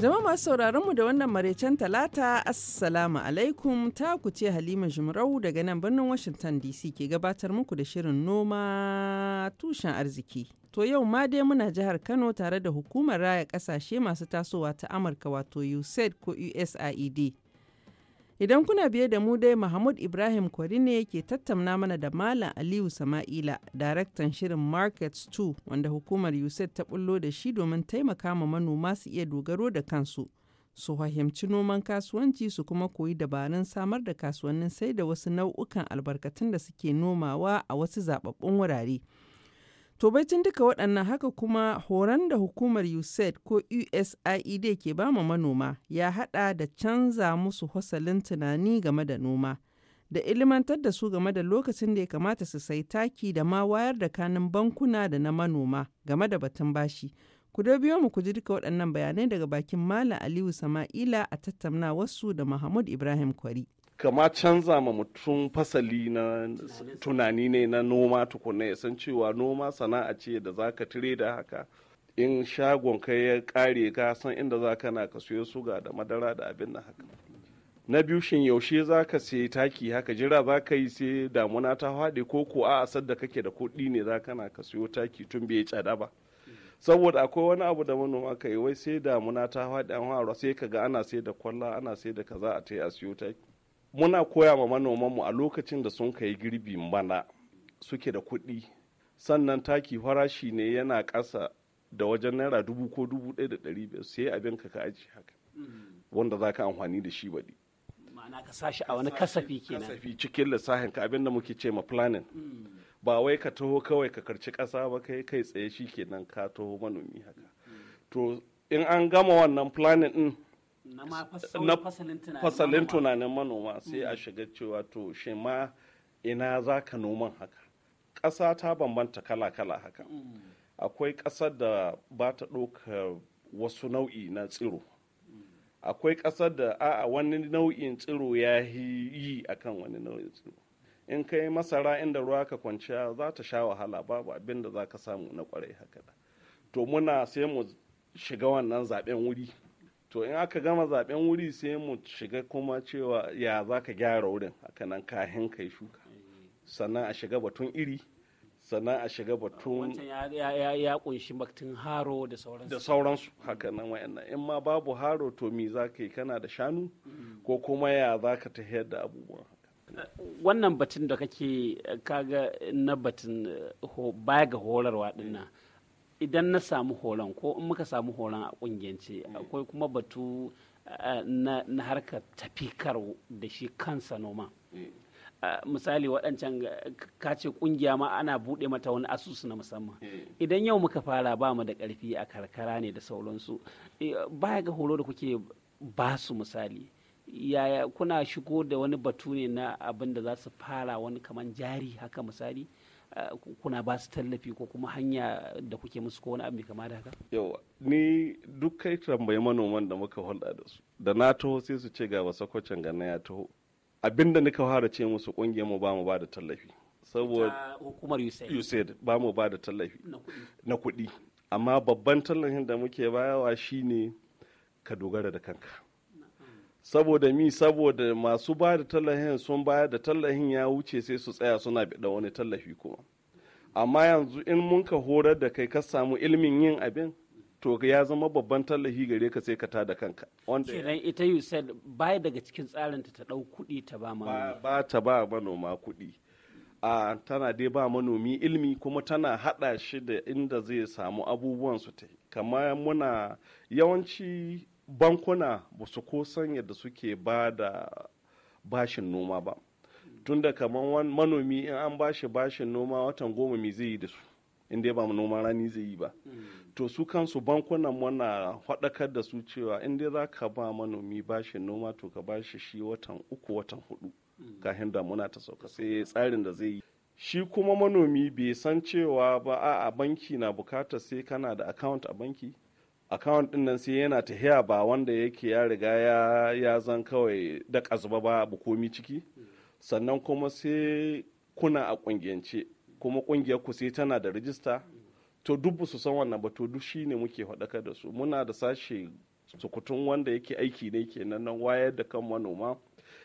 Zama masu sauraron mu da wannan maraicen talata assalamu alaikum ta ku ce Halima Jumrau daga nan birnin Washington DC ke gabatar muku da shirin noma tushen arziki. To yau ma dai muna jihar Kano tare da hukumar raya kasashe masu tasowa ta Amurka wato USAID ko USAID. Idan kuna biye da mu dai Mahmud Ibrahim Kwari ne yake tattauna mana da Malam Aliyu Sama'ila, daraktan shirin Markets 2 wanda hukumar USAID ta bullo da shi domin taimaka ma manoma su iya dogaro da kansu. Su fahimci noman kasuwanci su kuma koyi dabarun samar da kasuwannin sai da wasu nau'ukan albarkatun da suke nomawa a wasu zababbun wurare. To duka waɗannan haka kuma horon da hukumar USAID ko USAID e ke ma manoma ya haɗa da canza musu hasalin tunani game da noma da ilimantar da su game da lokacin da ya kamata su sai taki da ma wayar da kanin bankuna da na manoma game da batun bashi. Ku da biyo mu ku ji duka waɗannan bayanai daga bakin Malam Aliyu Sama'ila a tattauna wasu da Mahmud Ibrahim Kwari. kama canza ma mutum fasali na tunani ne na noma tukuna ya san cewa noma sana'a ce da za ka tire da haka in shagon ka ya kare ka san inda za ka na ka siyo suga da madara da abin da haka na biyu shin yaushe za ka sai taki haka jira za ka yi sai damuna ta haɗe ko ko a asar da kake da kuɗi ne za ka na ka siyo taki tun bai tsada ba saboda akwai wani abu da manoma ka yi wai sai damuna ta haɗe an sai ka ga ana sai da kwalla ana sai da kaza a ta yi a siyo taki muna koya ma manomanmu a lokacin da sun kai girbi bana suke da kuɗi sannan taki farashi ne yana ƙasa da wajen naira dubu ko dubu ɗaya da ɗari biyar sai abin ka ka aji haka mm. wanda za ka amfani da shi baɗi ma'ana ka sashi a wani kasafi kenan kasafi cikin lissafin ka abin da muke ce ma planning mm. ba wai ka taho kawai ka karci ƙasa ba kai kai tsaye shi kenan ka taho manomi haka mm. to in an gama wannan planning din na fasalin tunanin manoma sai a shiga cewa to shi ma ina za ka noman haka ƙasa ta bambanta kala-kala haka mm. akwai ƙasar da ba ta ɗauka wasu nau'i na tsiro mm. akwai ƙasar da a wani nau'in tsiro ya yi akan wani nau'in tsiro in kai masara inda ruwa ka kwanciya za ta sha wahala babu abin da za ka samu na kwarai haka to muna sai mu shiga wannan zaben wuri to in aka gama zaben wuri sai mu shiga kuma cewa ya za ka gyara wurin a nan kahin kai shuka sannan a shiga batun iri sannan a shiga batun ya kunshi batun haro da sauransu da sauransu haka nan wayannan in ma babu haro to mi za ka yi kana da shanu ko kuma ya za ka ta da abubuwan wannan batun da kake kaga na batun baya ga horarwa dinnan mm. idan na samu horon ko in muka samu horon a kungiyance mm. akwai kuma batu eh, na harkar tafikar da shi kansa noma mm. eh, misali waɗancan kace kungiya ma ana buɗe mata wani asusu na musamman mm. idan yau muka fara ba mu da ƙarfi a karkara ne da sauransu eh, Ba ga horo da kuke ba su misali yaya kuna shigo da wani batu ne na abin da za su fara wani kaman jari haka misali kuna ba su tallafi ko kuma hanya da kuke musu ko wani abu kama da haka? Yawa, ni duk kai tambayi manoman da muka hulɗa da su. Da na taho sai su ce ga wasa kwacin gana ya taho. abinda nika fara ce musu ƙungiyar mu ba mu ba da tallafi. Saboda hukumar USAID. ba mu ba da tallafi. Na kuɗi. Amma babban tallafin da muke bayawa shine ka dogara da kanka. saboda mi saboda masu ba da tallahin sun bayar da tallahin ya wuce sai su tsaya suna da wani tallafi kuma amma yanzu in mun ka horar da kai ka samu ilimin yin abin to ya zama babban tallafi gare ka sai ka ta da kanka wanda kenan ita said bai daga cikin tsarin ta dau kuɗi ta ba manoma ba ta ba manoma kuɗi a tana dai ba manomi ilimi kuma tana hada shi da inda zai samu abubuwan su ta kamar muna yawanci bankuna ba su kosan yadda suke ba da bashin noma ba tunda kamar manomi in an bashi bashin noma watan goma mai zai yi da su in dai ba mu noman rani zai yi ba mm. to su kansu bankunan muna faɗakar da su cewa inda dai za ka ba manomi bashin noma to ka bashi shi watan uku watan hudu mm. kafin damuna ta sauka sai tsarin da zai yi shi kuma manomi bai san cewa ba a banki na bukata sai kana da account a banki account din nan sai yana tahiya ba wanda yake ya riga ya zan kawai da kazuba ba bu komi ciki sannan kuma sai kuna a kungiyance kuma kungiyar ku sai tana da rijista to duk su san wannan ba to duk shine muke faɗakar da su muna da sashe sukutun wanda yake aiki ne kenan nan wayar da kan manoma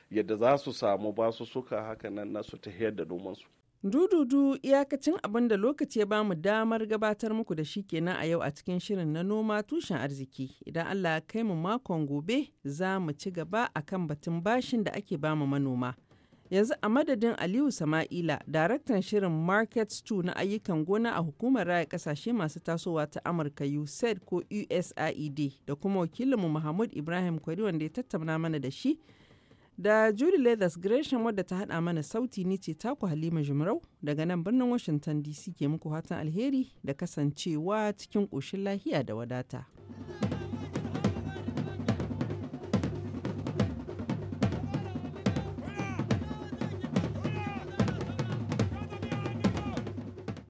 yadda za su samu ba su suka haka nan nasu ta da nomansu Dududu iyakacin abin da lokaci ya bamu damar gabatar muku da shi kenan a yau a cikin shirin na noma tushen arziki. Idan Allah ya kai mu makon gobe za mu ci gaba a kan batun bashin da ake bamu manoma. Yanzu a madadin Aliyu Sama'ila, daraktan shirin Market Stew na ayyukan gona a hukumar raya kasashe masu tasowa ta Amurka USAID ko USAID da kuma wakilinmu Muhammad Ibrahim Kwari wanda ya tattauna mana da shi. da Julie Leathers Gresham wadda ta haɗa mana sauti ni ce taku Halima Jumrau daga nan birnin Washington DC ke muku fatan alheri da kasancewa cikin ƙoshin lahiya da wadata.